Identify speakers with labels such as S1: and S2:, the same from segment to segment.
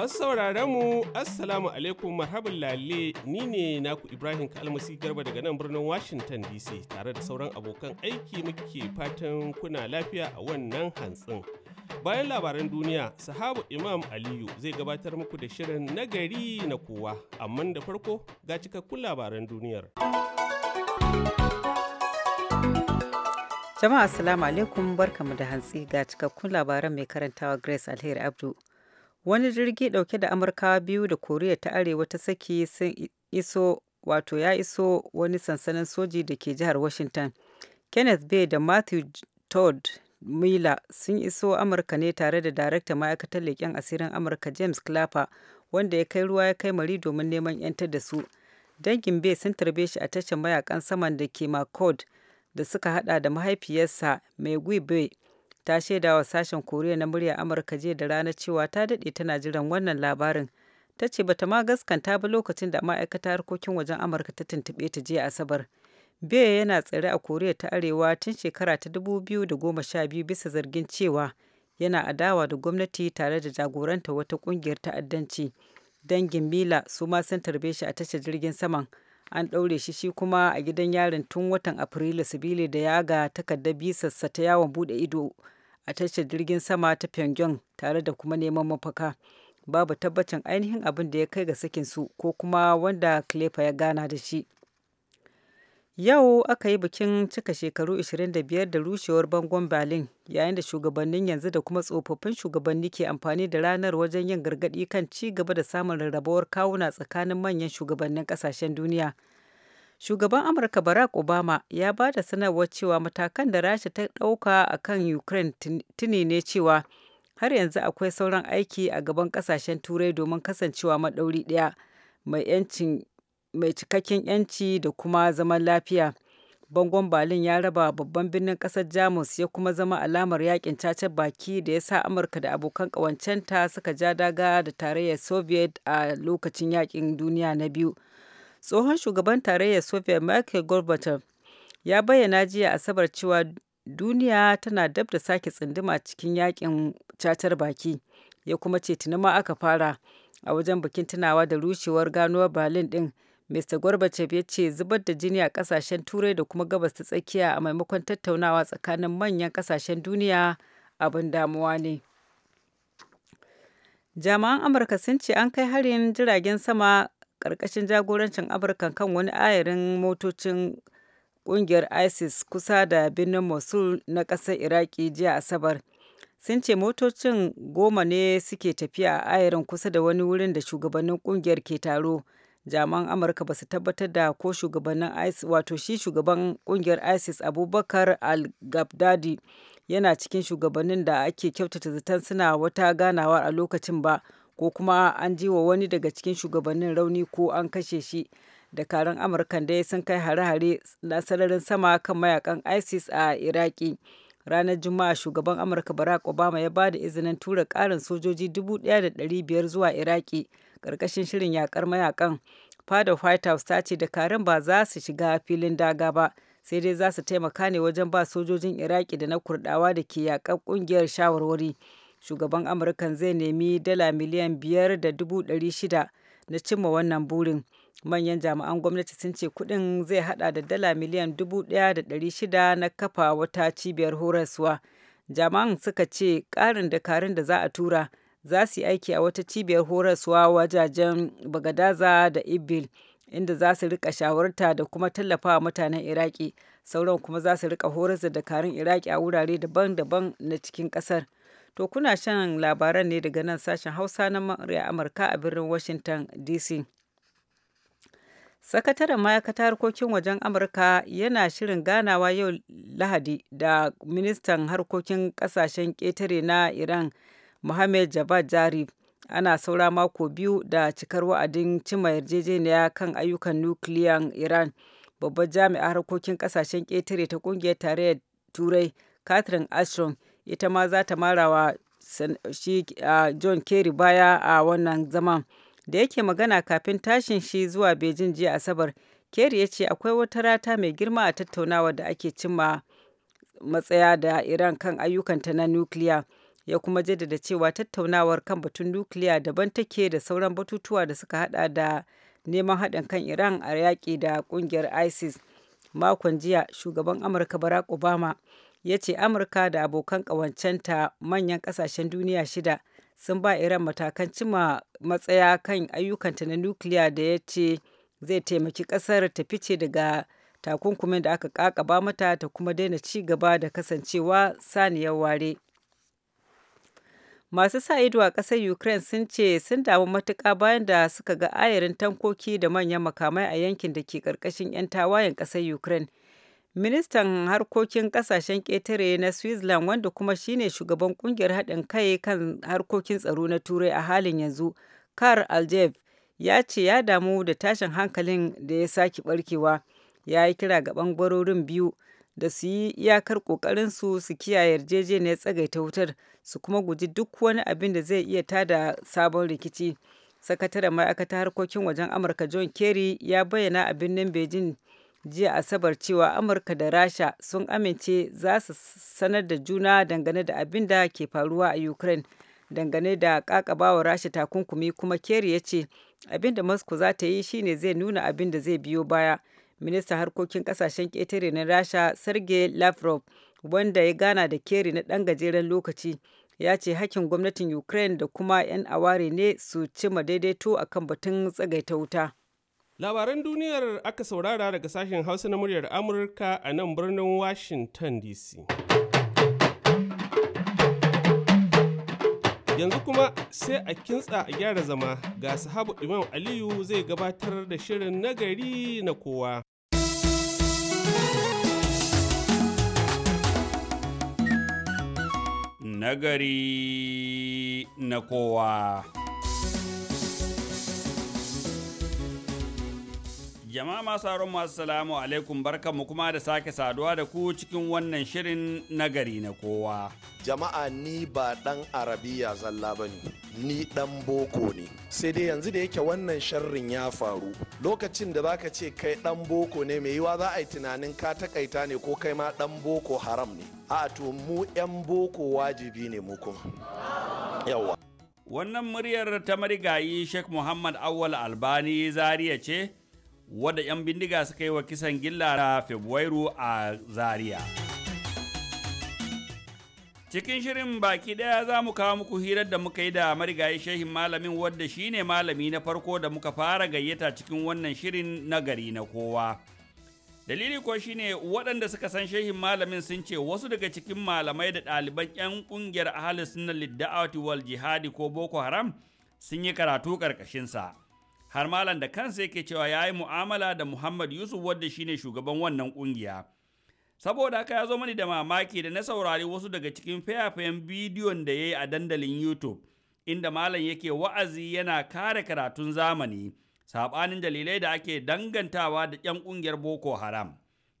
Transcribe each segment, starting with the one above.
S1: Masu sauraron mu Assalamu alaikum marhaban lalle ni ne naku Ibrahim Kalmasi Garba daga nan birnin Washington DC tare da sauran abokan aiki muke fatan kuna lafiya a wannan hantsin. Bayan labaran duniya, sahabu Imam Aliyu zai gabatar muku da shirin nagari na kowa, amma da farko ga cikakkun labaran duniyar.
S2: Jama'a Assalamu alaikum barkamu da hantsi ga cikakkun labaran mai karantawa Grace Alheri Abdu. wani jirgi dauke da amurka biyu da koriya ta arewa ta saki sun iso wato ya iso wani sansanin soji da ke jihar washington kenneth bay da matthew todd miller sun iso amurka ne tare da darakta ma'aikatar leƙen asirin amurka james clapper wanda ya kai ruwa ya kai mari domin neman yanta da su dangin bay sun tarbe shi a tashar mayakan saman da ke makod da suka hada da mahaifiyarsa mai gui bay ta shaida wa sashen koriya na murya amurka jiya da rana cewa ta daɗe tana jiran wannan labarin ta ce bata ma gaskanta ba lokacin da ma'aikata harkokin wajen amurka ta tuntuɓe ta jiya asabar biya yana tsare a koriya ta arewa tun shekara ta dubu biyu da goma sha biyu bisa zargin cewa yana adawa da gwamnati tare da jagoranta wata kungiyar ta'addanci dangin mila su ma sun tarbe shi a tashar jirgin saman an ɗaure shi shi kuma a gidan yarin tun watan afrilu sibili da ya ga takardar bisarsa ta yawon buɗe ido a tashar jirgin sama ta pyongyang tare da kuma neman mafaka babu tabbacin ainihin abin da ya kai ga sakinsu ko kuma wanda klefa ya gana da shi Yau aka yi bikin cika shekaru 25 da rushewar bangon Berlin, yayin da shugabannin yanzu da kuma tsofaffin shugabanni ke amfani da ranar wajen yin gargaɗi kan ci gaba da samun rarrabawar kawuna tsakanin manyan shugabannin ƙasashen duniya. Shugaban Amurka Barack Obama ya ba da sanarwar cewa matakan da Rasha ta ɗauka a kan Ukraine tuni ne cewa har yanzu akwai sauran aiki a gaban ƙasashen Turai domin kasancewa maɗauri ɗaya mai 'yancin mai cikakken 'yanci da kuma zaman lafiya. Bangon Berlin ya raba babban birnin ƙasar Jamus ya kuma zama alamar yakin cacar baki da ya sa Amurka da abokan ƙawancenta suka ja daga da tarayyar Soviet a lokacin yakin duniya na biyu. Tsohon shugaban tarayyar Soviet Michael Gorbachev ya bayyana jiya Asabar cewa duniya tana dab da sake tsinduma cikin yakin cacar baki ya kuma ce tuni aka fara a wajen bikin tunawa da rushewar ganuwar Berlin din. Mr. Gorbachev ya ce zubar da jini a kasashen Turai da kuma gabas ta tsakiya a maimakon tattaunawa tsakanin manyan kasashen duniya abin damuwa ne. Jami'an Amurka sun ce an kai harin jiragen sama ƙarƙashin jagorancin Amurka kan wani ayarin motocin ƙungiyar ISIS kusa da birnin Mosul na ƙasar Iraki jiya Asabar. sun ce motocin goma ne suke tafiya a ayarin kusa da wani wurin da shugabannin ƙungiyar ke taro jami'an amurka ba su tabbatar da ko shugabannin isis wato shi shugaban kungiyar isis abubakar al-gabdadi yana cikin shugabannin da ake kyautata zaton suna wata ganawa a lokacin ba ko kuma an ji wa wani daga cikin shugabannin rauni ko an kashe shi dakarun amurkan dai sun kai hare-hare na sararin sama kan mayakan isis a iraki ranar juma'a shugaban amurka barack obama ya ba da izinin tura karin sojoji da biyar zuwa iraki ƙarƙashin shirin yakar mayakan Fada white house ta ce dakarun ba za su shiga filin daga ba sai dai za su taimaka ne wajen ba sojojin iraki da na kurdawa da ke yakan ƙungiyar shawarwari shugaban amurkan zai nemi dala miliyan biyar da dubu ɗari shida na cimma wannan burin manyan jami'an gwamnati sun ce kuɗin zai hada da dala miliyan dubu ɗaya da ɗari shida na kafa wata cibiyar horaswa jami'an suka ce ƙarin dakarun da za a tura za su yi aiki a wata cibiyar horaswa wajajen bagadaza da ibil inda za su rika shawarta da kuma tallafa wa mutanen iraki sauran kuma za su rika horar da dakarun iraki a wurare daban-daban na cikin kasar to kuna shan labaran ne daga nan sashen hausa na murya amurka a birnin washington dc sakataren ma'aikatar harkokin wajen amurka yana shirin ganawa yau lahadi da ministan harkokin kasashen ƙetare na iran Mohammed Javad Zarif ana saura mako biyu da cikar wa'adin cimma yarjejeniya kan ayyukan nukiliyan Iran. Babbar jami'a harkokin kasashen ƙetare ta ƙungiyar tarayyar Turai, Catherine Ashton, ita ma za ta marawa shi John Kerry baya a wannan zaman. Da yake magana kafin tashin shi zuwa Beijing jiya Asabar, Kerry ya ce akwai wata rata mai girma a tattaunawa da ake cimma matsaya da Iran kan ayyukanta na nukiliya. ya kuma jaddada cewa tattaunawar kan batun nukiliya daban take da sauran batutuwa da suka hada da neman haɗin kan iran a yaƙi da ƙungiyar isis makon jiya shugaban amurka barack obama ya ce amurka da abokan ƙawancenta manyan ƙasashen duniya shida sun ba iran matakan cima matsaya kan ayyukanta na nukiliya da ya ce zai taimaki ƙasar ta fice daga takunkumin da aka ƙaƙaba mata ta kuma daina ci gaba da kasancewa saniyar ware. masu sa ido a ƙasar ukraine sun ce sun damu matuka bayan da suka ga ayarin tankoki da manyan makamai a yankin da ke ƙarƙashin 'yan tawayen ƙasar ukraine ministan harkokin ƙasashen ƙetare na switzerland wanda kuma shine shugaban ƙungiyar haɗin kai kan harkokin tsaro na turai a halin yanzu kar aljef ya ce ya damu da tashin hankalin da ya sake barkewa ya yi kira ga ɓangarorin biyu da su yi iyakar ƙoƙarinsu su su kiyaye yarjejeniyar tsagaita wutar su kuma guji duk wani abin da zai iya tada sabon rikici sakataren ma'aikatar harkokin wajen amurka john kerry ya bayyana a birnin beijing jiya asabar cewa amurka da rasha sun amince za su sanar da juna dangane da abin da ke faruwa a ukraine dangane da kakabawa rasha takunkumi kuma kerry ya ce abin da moscow za ta yi shine zai nuna abin da zai biyo baya ministan harkokin kasashen ƙetare na rasha sergei lavrov wanda ya gana da keri na ɗan gajeren lokaci ya ce hakkin gwamnatin ukraine da kuma 'yan aware ne su cima daidaito akan batun tsagaita wuta
S1: labaran duniyar aka saurara daga sashen hausa na muryar amurka a nan birnin washington dc yanzu kuma sai a kintsa a gyara zama ga sahabu imam aliyu zai gabatar da shirin nagari na kowa
S3: nagari na kowa. Jama'a masu sauran masu salamu alaikum barkanmu kuma da sake saduwa da ku cikin wannan shirin nagari na kowa.
S4: Jama'a ni ba ɗan Arabiya zalla ba ne. ni dan boko ne sai dai yanzu da yake wannan sharrin ya faru lokacin da zaka ce kai dan boko ne mai yiwa za a yi tunanin ka takaita ne ko kai ma dan boko haram ne a to mu yan boko wajibi ne mu kuma yawa
S3: wannan muryar ta marigayi Sheikh Muhammad Awal Albani zariya ce wadda 'yan bindiga suka yi wa kisan gilla a Fabrairu a Zaria. Cikin shirin baki ɗaya za mu kawo muku hirar da muka yi da marigayi shehin malamin wadda shi ne malami na farko da muka fara gayyata cikin wannan shirin na gari na kowa. Dalili ko shi ne waɗanda suka san shehin malamin sun ce wasu daga cikin malamai da ɗaliban 'yan ƙungiyar ahalin sunan lidda'awati wal jihadi ko Boko Haram sun yi karatu ƙarƙashinsa. Har malam da kansa yake cewa ya yi mu'amala da Muhammad Yusuf wadda shine shugaban wannan ƙungiya. saboda haka ya zo mani da mamaki da na saurari wasu daga cikin fayafayen bidiyon da ya yi a dandalin YouTube, inda malam yake wa'azi yana kare karatun zamani, saɓanin dalilai da ake dangantawa da 'yan ƙungiyar Boko Haram.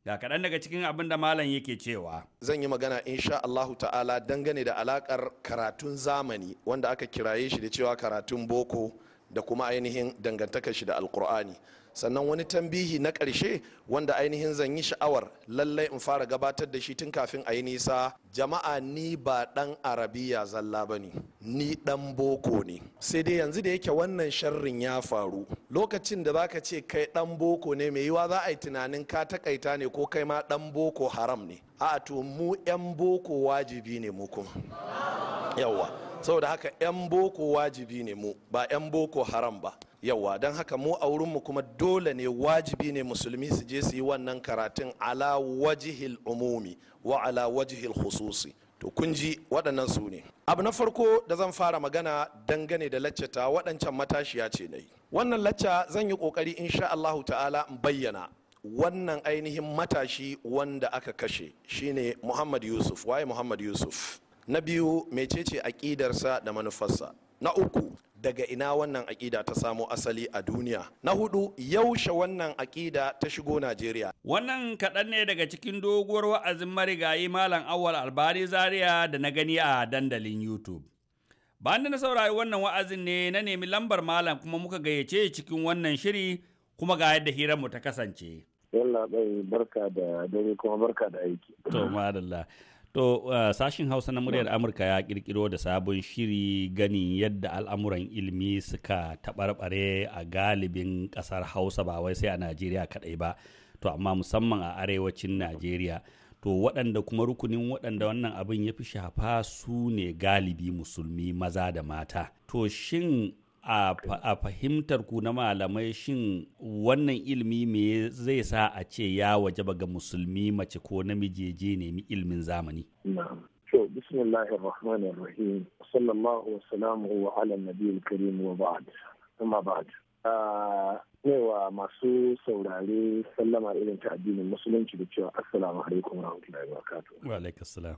S3: Ga kaɗan daga cikin abin da malam yake cewa.
S4: Zan yi magana insha Allahu ta'ala dangane da alaƙar karatun zamani wanda aka kiraye shi da cewa karatun boko da kuma ainihin dangantakar shi da alkur'ani sannan wani tambihi na ƙarshe wanda ainihin zan yi sha'awar lallai in fara gabatar da shi tun kafin a yi nisa jama'a ni ba ɗan arabiya zalla ba ne ni ɗan boko ne sai dai yanzu da yake wannan sharrin ya faru lokacin da zaka ce kai ɗan boko ne mai yiwa za a yi tunanin ka takaita ne ko kai ma ɗan boko haram ne a'a to mu 'yan boko wajibi ne mu kuma yawa saboda haka 'yan boko wajibi ne mu ba 'yan boko haram ba yawa don haka mu a wurinmu kuma dole ne wajibi ne musulmi su je su yi wannan karatun ala wajihil umumi wa ala wajihil hususi to kun ji waɗannan su ne abu na farko da zan fara magana dangane da laccata waɗancan matashiya ce na yi wannan lacca zan yi ƙoƙari insha Allah ta'ala in bayyana wannan ainihin matashi wanda aka kashe shine muhammad yusuf waye muhammad yusuf na biyu mecece aƙidarsa da manufarsa na uku daga ina wannan aƙida ta samo asali a duniya. Na hudu yaushe wannan aƙida ta shigo Najeriya.
S3: Wannan kaɗan ne daga cikin doguwar wa'azin marigayi Malam Awal Albari Zaria da na gani a dandalin YouTube. Bayan da na saurari wannan wa'azin ne na nemi lambar Malam kuma muka gayyace cikin wannan shiri kuma ga yadda hirarmu ta kasance.
S5: Yalla bai barka da dare kuma barka da aiki.
S3: To madalla. To uh, sashin Hausa na muryar Amurka ya kirkiro da sabon shiri ganin yadda al'amuran ilimi suka taɓarɓare a galibin ƙasar Hausa ba wai sai a Najeriya kaɗai ba, to amma musamman a arewacin Najeriya. To waɗanda kuma rukunin waɗanda wannan abin ya fi shafa su ne galibi musulmi maza da mata. To shin a fahimtar ku na malamai shin wannan ilimi me zai sa a ce ya waje ga musulmi mace ko namiji je nemi ilimin zamani
S5: to wa wa amma masu saurare sallama irin ta addinin musulunci da cewa assalamu alaikum wa rahmatullahi wa barakatuh wa alaikum assalam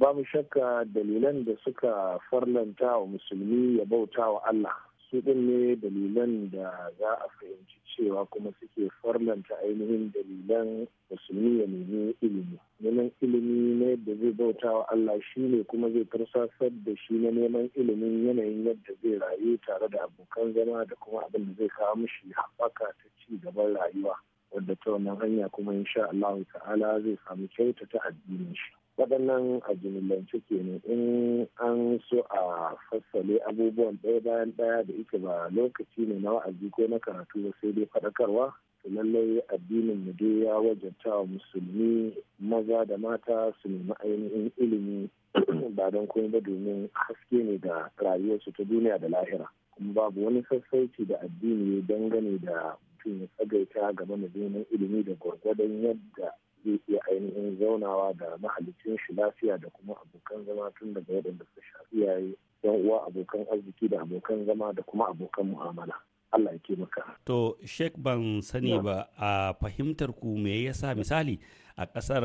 S5: mu shakka dalilan da suka farlanta wa musulmi ya bauta wa Allah su ɗin ne dalilan da za a fahimci cewa kuma suke farlanta ainihin dalilan musulmi ya nemi ilimi neman ilimi na yadda zai bauta wa Allah shi ne kuma zai tarsasar da shi na neman ilimin yanayin yadda zai rayu tare da abokan zama da kuma abin da zai kawo mishi haɓaka ta ci gaban rayuwa wadda ta wannan hanya kuma insha allahu ta'ala zai samu kyauta ta addinin shi waɗannan a jimillance kenan in an so a fassale abubuwan ɗaya bayan ɗaya da ita ba lokaci ne na wa'azi ko na karatu ba sai dai faɗakarwa to lallai addinin mu dai ya wajabta wa musulmi maza da mata su nemi ainihin ilimi ba don kuma ba domin haske ne ga rayuwarsu ta duniya da lahira kuma babu wani sassauci da addini ya dangane da mutum ya tsagaita game da neman ilimi da gwargwadon yadda zai iya ainihin zaunawa da mahalicin shi lafiya da kuma abokan zama tun daga waɗanda su shafi iyaye yan uwa abokan arziki da abokan zama da kuma abokan mu'amala Allah ya
S3: ke maka. To Sheikh ban sani ba a fahimtar ku me yasa misali a kasar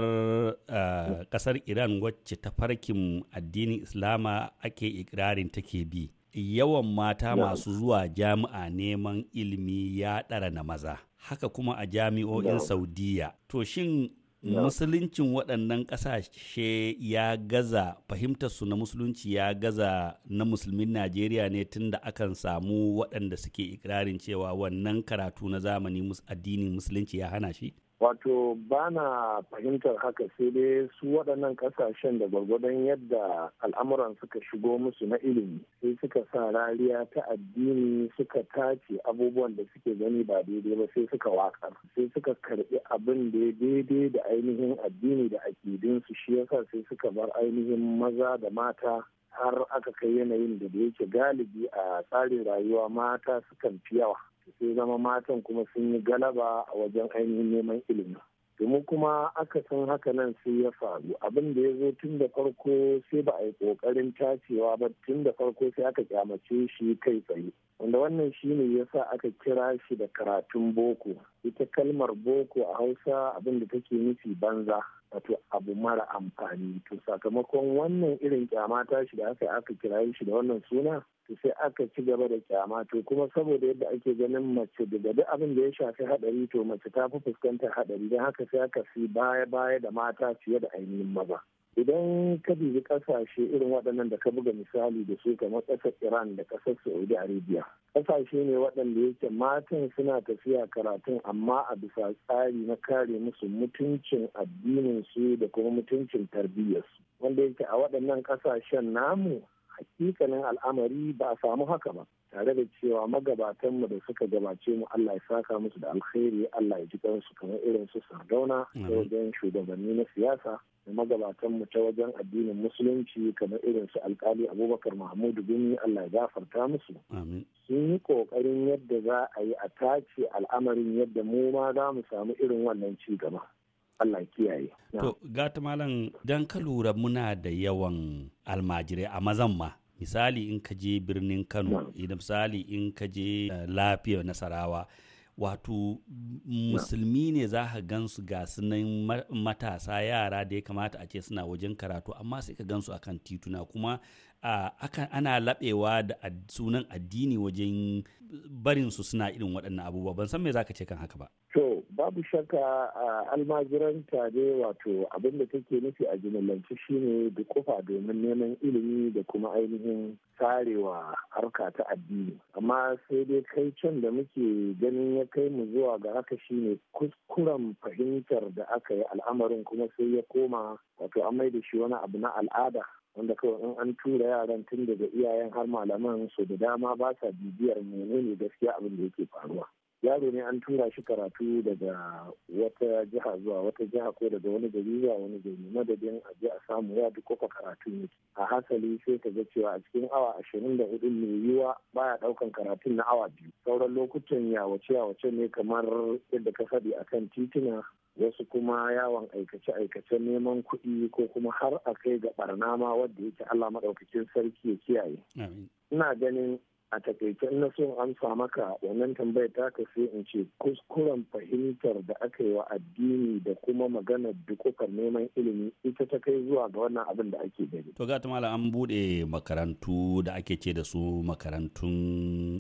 S3: ƙasar Iran wacce ta farkin addinin Islama ake ikirarin take bi yawan mata masu zuwa jami'a neman ilimi ya ɗara na maza. haka kuma a jami'o'in Saudiyya. saudiya to shin musuluncin waɗannan ƙasashe ya gaza fahimtarsu na musulunci ya gaza na musulmin najeriya ne tunda akan samu waɗanda suke ikirarin cewa wannan karatu na zamani addinin musulunci ya hana shi
S5: wato ba na fahimtar haka sai dai su waɗannan ƙasashen da gwargwadon yadda al'amuran suka shigo musu na ilimi sai suka sa rariya ta addini suka tace abubuwan da suke gani ba daidai ba sai suka watsar sai suka karɓi abin da ya daidai da ainihin addini da akidinsu shi yasa sai suka bar ainihin maza da mata har aka kai yanayin da da yake galibi a tsarin rayuwa mata sukan fi yawa sai zama matan kuma sun yi galaba a wajen ainihin neman ilimi domin kuma aka san haka nan sai ya faru abin da ya zo tun da farko sai ba a yi kokarin tacewa ba tun da farko sai aka kyamace shi kai tsaye wanda wannan shi ne ya sa aka kira shi da karatun boko ita kalmar boko a hausa abin da take nufi banza wato abu mara amfani to sakamakon wannan irin kyama shi da aka aka kira shi da wannan suna to sai aka ci gaba da kyama to kuma saboda yadda ake ganin mace daga duk abin da ya shafi hadari to mace ta fi fuskantar hadari don haka sai aka fi baya baya da mata fiye da ainihin maza idan ka dubi kasashe irin waɗannan da ka buga misali da su kamar ƙasar iran da ƙasar saudi arabia ƙasashe ne waɗanda yake matan suna tafiya karatun amma a bisa tsari na kare musu mutuncin addinin su da kuma mutuncin tarbiyyarsu wanda yake a waɗannan ƙasashen namu hakikanin al'amari ba a samu haka ba tare da cewa magabatanmu da suka gabace mu Allah ya saka musu da alkhairi Allah ya ji kansu kamar irin su sardauna ta wajen shugabanni na siyasa da magabatanmu ta wajen addinin musulunci kamar irin su alkali abubakar mahmudu gumi Allah ya gafarta musu sun yi kokarin yadda za a yi a tace al'amarin yadda mu ma za mu samu irin wannan ci gaba Allah kiyaye.
S3: To gata malam dan ka lura muna da yawan almajirai a mazan ma. Misali in ka je birnin Kano, misali in ka je eh, lafiya Nasarawa, wato musulmi ne za ka gansu ga sunan matasa yara da ya kamata a ce suna wajen karatu amma sai ka gansu akan tituna kuma ana laɓewa da sunan addini wajen barinsu suna irin waɗannan abubuwa ban san me za ka ce kan haka ba
S5: to babu shakka almajiranta ne wato abin da take nufi a jimillance shine da kufa domin neman ilimi da kuma ainihin tsarewa harka ta addini amma sai dai kai can da muke ganin ya kai mu zuwa ga haka shine kuskuren fahimtar da aka yi al'amarin kuma sai ya koma wato an mai da shi wani abu na al'ada wanda kawai in an tura yaran tun daga iyayen har malaman su da dama ba sa bibiyar menene gaskiya abin da yake faruwa yaro ne an tura shi karatu daga wata jiha zuwa wata jiha ko daga wani gari zuwa wani gari madadin a je a samu ya duk kofa karatu ne a hasali sai ka ga cewa a cikin awa ashirin da hudu mai yiwa baya daukan karatun na awa biyu sauran lokutan yawace yawace ne kamar yadda ka faɗi akan tituna wasu kuma yawon aikace-aikace neman kuɗi ko kuma har a kai ga barna ma wadda yake Allah maɗaukakin sarki ya kiyaye. Ina ganin a takaicen na son amsa maka wannan tambayar ta ka sai in ce kuskuren fahimtar da aka yi wa addini da kuma magana dukukan neman ilimi ita ta kai zuwa ga wannan abin da ake gani.
S3: To ga ta an buɗe makarantu da ake ce da su makarantun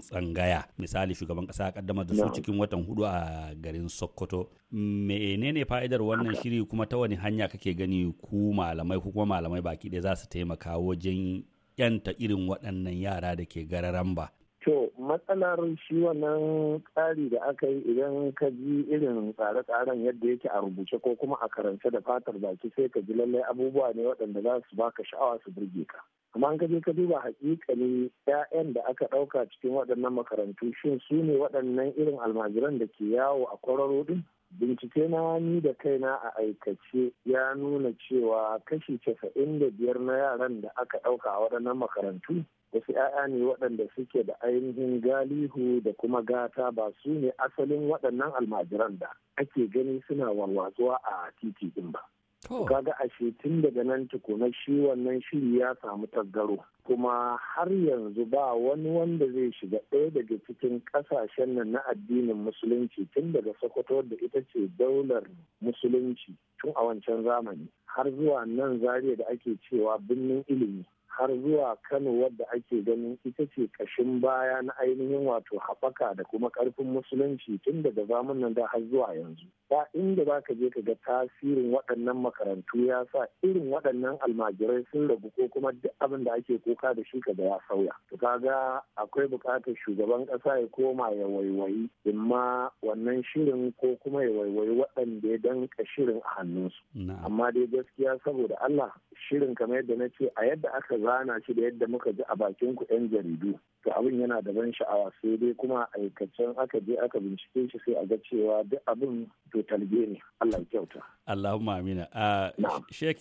S3: tsangaya misali shugaban ƙasa ya kaddamar da su cikin watan hudu a garin Sokoto. Menene fa'idar wannan shiri kuma ta wani hanya kake gani ku malamai ko kuma malamai baki ɗaya za su taimaka wajen yanta irin waɗannan yara da ke gararamba.
S5: To matsalar shi wannan tsari da aka yi idan ka ji irin tsare-tsaren yadda yake a rubuce ko kuma a karance da fatar baki sai ka ji lallai abubuwa ne waɗanda za su baka sha'awa su burge ka. Amma ka je ka duba ne 'ya'yan da aka ɗauka cikin waɗannan makarantu shin su ne waɗannan irin almajiran da ke yawo a kwararo ɗin? bincike na ni da kaina a aikace ya nuna cewa kashi casa'in da biyar na yaran da aka ɗauka a waɗannan makarantu wasu 'ya'ya ne waɗanda suke da ainihin galihu da kuma gata ba su ne asalin waɗannan almajiran da ake gani suna warwatsuwa a titi ɗin ba kaga ashe tun daga nan tukuna shi wannan shiri ya samu tasgaro kuma har yanzu ba wani wanda zai shiga ɗaya daga cikin ƙasashen nan na addinin musulunci tun daga sokoto da ita ce daular musulunci tun a wancan zamani har zuwa nan zariya da ake cewa birnin ilimi har zuwa kano wadda ake ganin ita ce kashin baya na ainihin wato haɓaka da kuma ƙarfin musulunci tun daga zamanin da har zuwa yanzu ba inda za ka je ka ga tasirin waɗannan makarantu ya sa irin waɗannan almajirai sun rabu ko kuma duk abin da ake kuka da shi kaga ya sauya to kaga akwai buƙatar shugaban ƙasa ya koma ya waiwayi imma wannan shirin ko kuma ya waiwayi waɗanda ya danka shirin a hannunsu amma dai gaskiya saboda Allah shirin kamar yadda na ce a yadda aka rana shi da yadda muka ji a bakin ku 'yan jaridu to abin yana da ban sha'awa sai dai kuma aikacen aka je aka bincike shi sai a ga cewa duk abin to talge ne Allah kyauta
S3: Allahumma amina a shek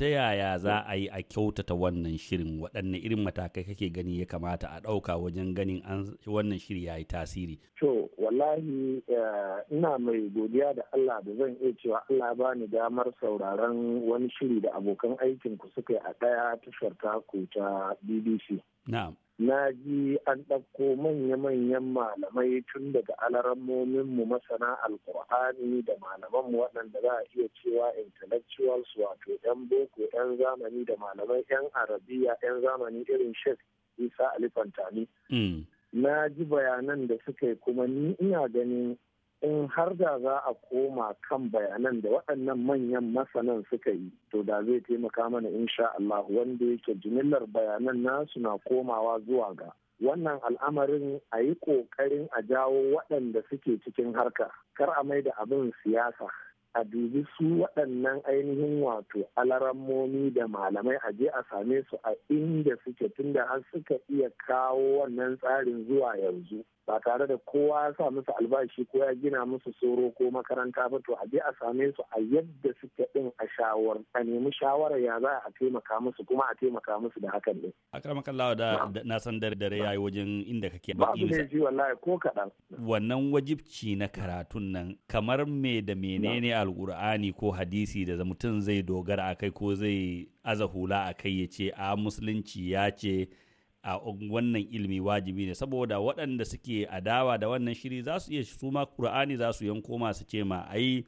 S3: ta yaya za a yi a kyautata wannan shirin waɗanne irin matakai kake gani ya kamata a ɗauka wajen ganin an wannan shiri ya tasiri
S5: to wallahi eh, ina mai godiya da Allah da zan iya cewa Allah bani damar sauraron wani shiri da abokan aikin ku suka yi a ɗaya ta tashar taku ta BBC. Na ji an ɗauko manya-manyan malamai tun daga mu masana alkur'ani da malaman mu waɗanda za a iya cewa intellectuals wato 'yan boko 'yan zamani da malamai 'yan arabiya 'yan zamani irin shek isa alifantani. Mm. Na ji bayanan da suka yi kuma ni ina ganin in har da za a koma kan bayanan da waɗannan manyan masanan suka yi to da zai taimaka mana insha Allah wanda yake jimillar bayanan nasu na komawa zuwa ga wannan al'amarin a yi ƙoƙarin a jawo waɗanda suke cikin harka kar a mai da abin siyasa a dubi su waɗannan ainihin wato alarammomi da malamai a je a same su a inda suke tunda har suka iya kawo wannan tsarin zuwa yanzu ba tare da kowa ya sa musu albashi ko ya gina musu tsoro ko makaranta ba to a je a same su a yadda suke din a shawar a nemi shawarar ya za a taimaka musu kuma a taimaka musu da hakan ne.
S3: a karamakan lawa da na san dare dare yi wajen inda kake ba abu ne
S5: ji wallahi ko kaɗan.
S3: wannan wajibci na karatun nan kamar me da menene alkur'ani ko hadisi da mutum zai dogara a kai ko zai aza hula a kai ya ce a musulunci ya ce a wannan ilimi wajibi ne saboda waɗanda suke adawa da wannan shiri za su iya su ma Qur'ani za su yanko masu ce ma ai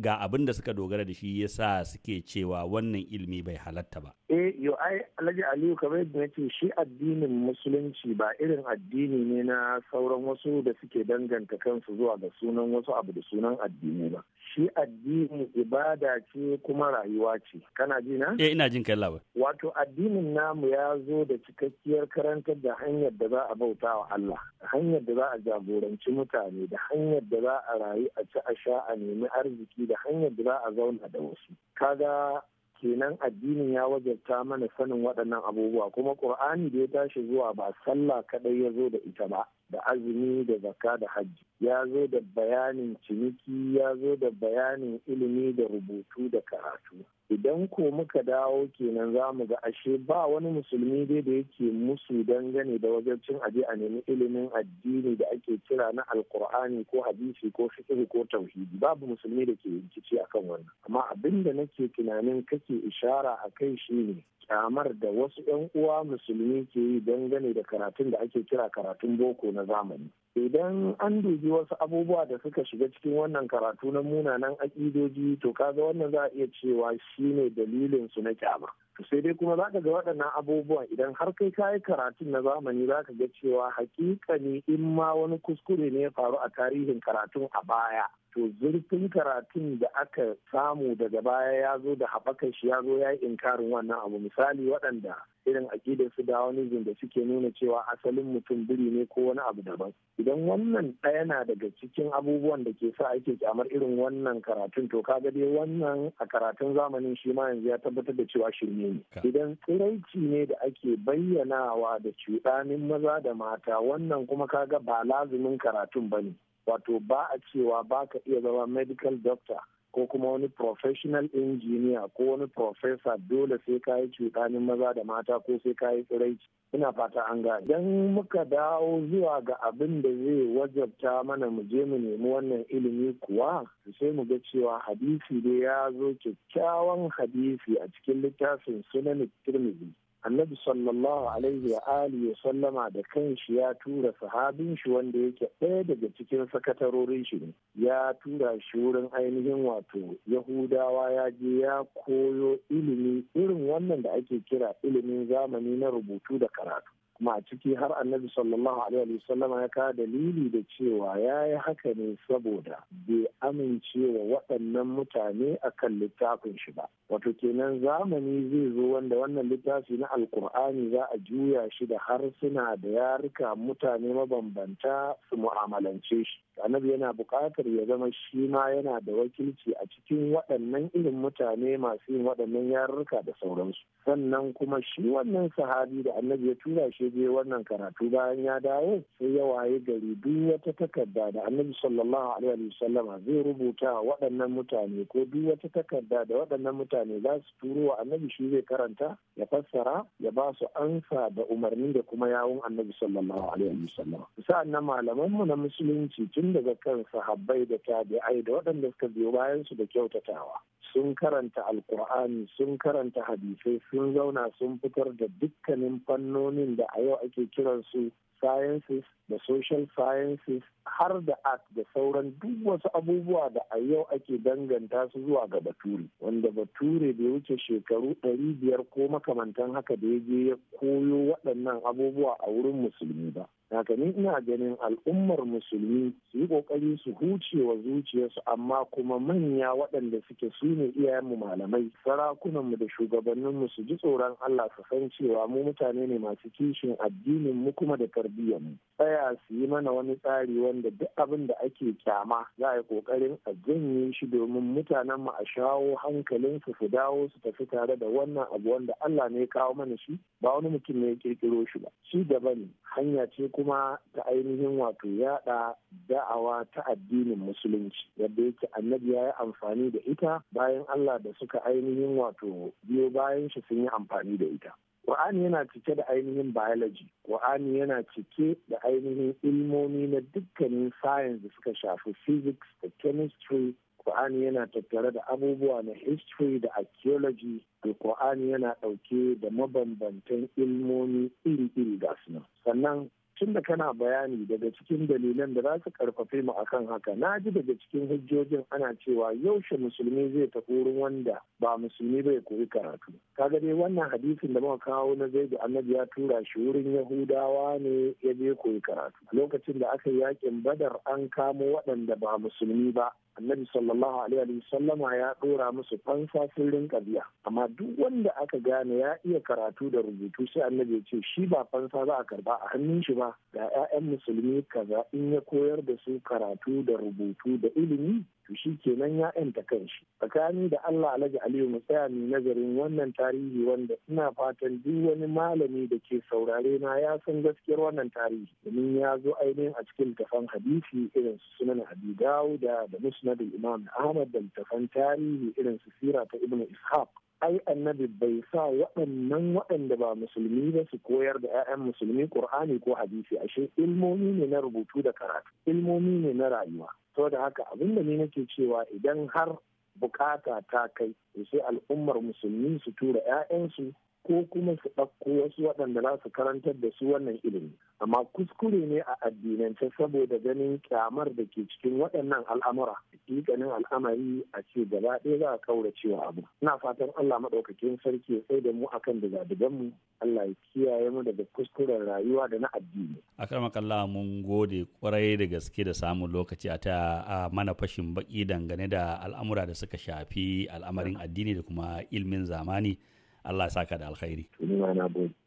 S3: ga abin da suka dogara da shi ya sa suke cewa wannan ilimi bai halatta ba
S5: eh yo ai Alhaji Aliyu kamar yadda ce shi addinin musulunci ba irin addini ne na sauran wasu da suke danganta kansu zuwa ga sunan wasu abu da sunan addini ba shi addini ibada ce kuma rayuwa ce kana ji na eh
S3: ina jin kallawa
S5: wato addinin namu ya zo da cikakkiyar karantar da hanyar da za a bauta wa Allah hanyar da za a jagoranci mutane da hanyar da za a rayu a ci a sha a nemi arziki da hanyar da za a zauna da wasu kaga kenan addinin ya wajabta mana sanin waɗannan abubuwa kuma ƙur'ani da ya tashi zuwa ba sallah kaɗai ya zo da ita ba da azumi da zakka da hajji ya zo da bayanin ciniki ya zo da bayanin ilimi da rubutu da karatu idan ko muka dawo kenan za mu ga ashe ba wani musulmi dai da yake musu dangane da wajen cin aje a nemi ilimin addini da ake kira na alkur'ani ko hadisi ko fiqh ko tauhidi babu musulmi da ke rikici akan wannan amma abin da nake tunanin kake ishara a kai shine kamar da wasu 'yan uwa musulmi ke yi dangane da karatun da ake kira karatun boko na zamani idan an dubi wasu abubuwa da suka shiga cikin wannan karatu na munanan aƙidoji to kaga wannan za a iya cewa shine dalilin su na kyama to sai dai kuma zaka ga waɗannan abubuwan idan har kai kayi karatun na zamani zaka ga cewa hakika ne in ma wani kuskure ne ya faru a tarihin karatun a baya to zurfin karatun da aka samu daga baya ya zo da haɓakar shi ya zo ya yi inkarin wannan abu misali waɗanda irin aƙidar su da dawanizm da suke nuna cewa asalin mutum biri ne ko wani abu daban idan wannan ɗaya na daga cikin abubuwan da ke sa ake kyamar irin wannan karatun to kaga dai wannan a karatun zamanin shi ma yanzu ya tabbatar da cewa shirme idan tsiraici ne da ake bayyanawa da cuɗanin maza da mata wannan kuma kaga ba lazumin karatun ba ne wato ba a cewa ba ka iya zama medical doctor ko kuma wani professional engineer ko wani professor dole sai ka yi cuɗanin maza da mata ko sai ka yi tsiraici ina fata an gane idan muka dawo zuwa ga abin da zai wajabta mana mu je mu nemi wannan ilimi kuwa sai mu ga cewa hadisi dai ya zo kyakkyawan hadisi a cikin littafin sunan tirmidhi annabi sallallahu alaihi wa alihi sallama da kanshi ya tura sahabin shi wanda yake ɗaya daga cikin sakatarorin shi ne ya tura shi wurin ainihin wato yahudawa ya je ya koyo ilimi irin wannan da ake kira ilimin zamani na rubutu da karatu ma ciki har annabi sallallahu alaihi sallama ya kawo dalili da cewa ya yi haka ne saboda bai amincewa waɗannan mutane akan littafin shi ba wato kenan zamani zai zo wanda wannan littafi na alkur'ani za a juya shi da harsuna da yarika mutane mabambanta su mu'amalance shi annabi yana buƙatar ya zama shi ma yana da wakilci a cikin waɗannan irin mutane masu yin waɗannan yarurruka da sauransu sannan kuma shi wannan sahabi da annabi ya tura shi je wannan karatu bayan ya dawo sai ya waye gari duk wata takarda da annabi sallallahu alaihi wa sallam zai rubuta waɗannan mutane ko duk wata takarda da waɗannan mutane za su turo wa annabi shi zai karanta ya fassara ya ba su ansa da umarni da kuma yawun annabi sallallahu alaihi wa sallam sa'annan malaman mu na musulunci tun daga kan sahabbai da tabi'ai da waɗanda suka biyo bayansu da kyautatawa sun karanta alkur'ani sun karanta hadisai sun zauna sun fitar da dukkanin fannonin da a yau ake kiransu sciences da social sciences har da art da sauran duk wasu abubuwa da a yau ake danganta su zuwa ga bature wanda bature bai wuce shekaru ɗari biyar ko makamantan haka da ya je ya koyo waɗannan abubuwa a wurin musulmi ba haka ni ina ganin al'ummar musulmi su yi kokari su huce wa zuciyarsu amma kuma manya waɗanda suke su ne mu malamai sarakunanmu da shugabanninmu su ji tsoron Allah su san cewa mu mutane ne masu kishin addinin mu kuma da tarbiyyar mu tsaya su yi mana wani tsari wanda duk abin da ake kyama za a yi kokarin a janye shi domin mutanen mu a shawo hankalin su su dawo su tafi tare da wannan abu wanda Allah ne ya kawo mana shi ba wani mutum ne ya kirkiro shi ba Shi gaba ne hanya ce kuma ta ainihin wato yada da'awa ta addinin musulunci yadda yake annabi ya yi amfani da ita bayan Allah da suka ainihin wato biyo bayan shi sun yi amfani da ita Ƙur'ani yana cike da ainihin biology, Ƙur'ani yana cike da ainihin ilmomi na dukkanin science da suka shafi physics da chemistry, Ƙur'ani yana tattare da abubuwa na history da archaeology, Ƙur'ani yana ɗauke da mabambantan ilmomi iri-iri ga nan. Sannan tun da kana bayani daga cikin dalilan da za su karfafe mu akan haka na ji daga cikin hujjojin ana cewa yaushe musulmi zai tafi wurin wanda ba musulmi bai koyi karatu kaga dai wannan hadisin da muka kawo na Zaidu annabi ya tura shi wurin yahudawa ne ya je koyi karatu lokacin da aka yi yakin badar an kamo waɗanda ba musulmi ba annabi sallallahu alaihi wa sallama ya dora musu fansa sirrin kabiya amma duk wanda aka gane ya iya karatu da rubutu sai annabi ya ce shi ba fansa za a karba a hannun shi ba ga 'ya'yan musulmi kaza in ya koyar da su karatu da rubutu da ilimi shi kenan ya yanta kanshi tsakani da Allah Alhaji Aliyu mu tsaya mai nazarin wannan tarihi wanda ina fatan duk wani malami da ke saurare na ya san gaskiyar wannan tarihi domin ya zo ainihin a cikin tafan hadisi irin su sunan Abi Dawuda da Musnad Imam Ahmad da tafan tarihi irin su sira ta ibnu Ishaq ai annabi bai sa waɗannan waɗanda ba musulmi ba su koyar da 'ya'yan musulmi ƙur'ani ko hadisi ashe ilmomi ne na rubutu da karatu ilmomi ne na rayuwa saboda haka abin da ni nake cewa idan har bukata ta kai sai al'ummar musulmi su tura 'ya'yansu ko kuma su ɗauko wasu waɗanda za su karantar da su wannan ilimi amma kuskure ne a addinance saboda ganin kyamar da ke cikin waɗannan al'amura ganin al'amari a ce gaba ɗaya za a cewa abu ina fatan Allah maɗaukakin sarki ya tsaye da mu akan zadigan mu Allah ya kiyaye mu daga kuskuren rayuwa da na addini
S3: a akrama kalla mun gode kwarai da gaske da samun lokaci a ta a mana fashin baki dangane da al'amura da suka shafi al'amarin addini da kuma ilimin zamani Allah ya saka da alkhairi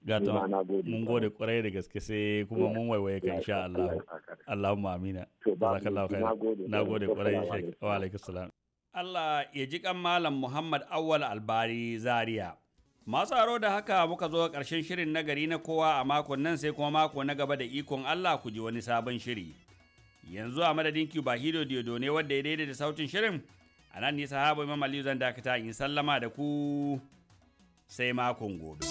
S3: Gato, mun gode kwarai da gaske sai kuma mun waiwaye ka insha Allah Allahumma amina Barakallahu khair na gode kwarai Sheikh. wa alaikum salam Allah ya ji kan malam Muhammad Awwal Albari Zaria Masu aro da haka muka zo ƙarshen shirin na gari na kowa a makon nan sai kuma mako na gaba da ikon Allah ku ji wani sabon shiri. Yanzu a madadin Cuba Hiro Diodo ne wadda ya daidaita sautin shirin, a nan ni habu
S1: Imam Aliyu zan dakata in sallama da ku sai makon gobe.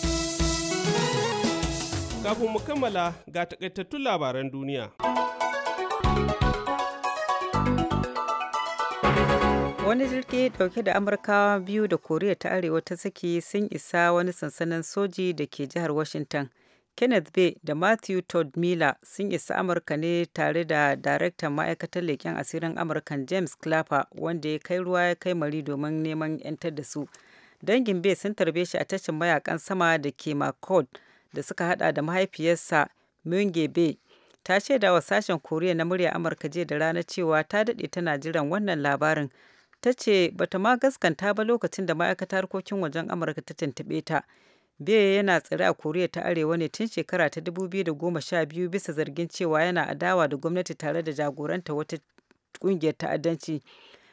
S1: Kafin mu kammala ga takaitattun labaran duniya.
S2: wani jirgi dauke da amurkawa biyu da koriya ta arewa ta saki sun isa wani sansanin soji da ke jihar washington kenneth bay da matthew todd miller sun isa amurka ne tare da daraktan ma'aikatar leƙen asirin amurkan james clapper wanda ya kai ruwa ya kai mari domin neman 'yantar da su dangin bay sun tarbe shi a tashin mayakan sama da ke makod da suka hada da mahaifiyarsa munge bay ta shaida wa sashen koriya na murya amurka jiya da rana cewa ta dade tana jiran wannan labarin ta ce bata ma gaskanta ba lokacin da ma'aikatar harkokin wajen amurka ta tuntuɓe ta bay yana tsare a Koriya ta Arewa ne tun shekara ta 2012 bisa zargin cewa yana adawa da gwamnati tare da jagoranta wata kungiyar ta'addanci.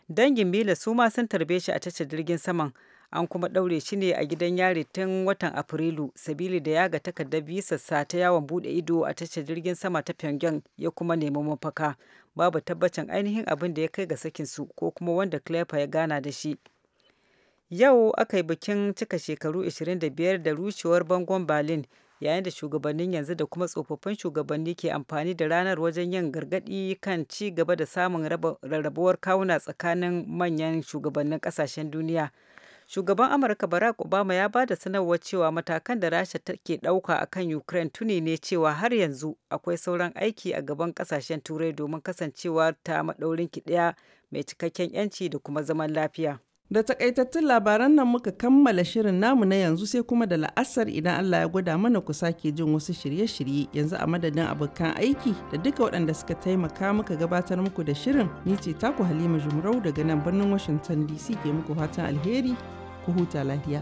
S2: Dangin Mila su ma sun tarbe shi a tashar jirgin saman an kuma ɗaure shi ne a gidan yari tun watan afrilu sabili da ya ga takardar bisassa ta yawon bude ido a tashar jirgin sama ta pyongyang ya kuma nemi mafaka babu tabbacin ainihin abin da ya kai ga sakin su ko kuma wanda clepa ya gana da shi yau aka yi bikin cika shekaru 25 da rushewar bangon berlin yayin da shugabannin yanzu da kuma tsofaffin shugabanni ke amfani da ranar wajen yin gargadi kan ci gaba da samun rarrabuwar kawuna tsakanin manyan shugabannin kasashen duniya shugaban amurka barack obama ya ba da sanarwar cewa matakan da rasha take dauka a kan ukraine tuni ne cewa har yanzu akwai sauran aiki a gaban kasashen turai domin kasancewa ta maɗaurin kiɗaya mai cikakken 'yanci da kuma zaman lafiya da takaitattun labaran nan muka kammala shirin namu na yanzu sai kuma da la'asar idan Allah ya gwada mana ku sake jin wasu shirye-shirye yanzu a madadin abokan aiki da duka waɗanda suka taimaka muka gabatar muku da shirin ni ce taku halima jumrau daga nan birnin washington dc ke muku fatan alheri ku huta lafiya.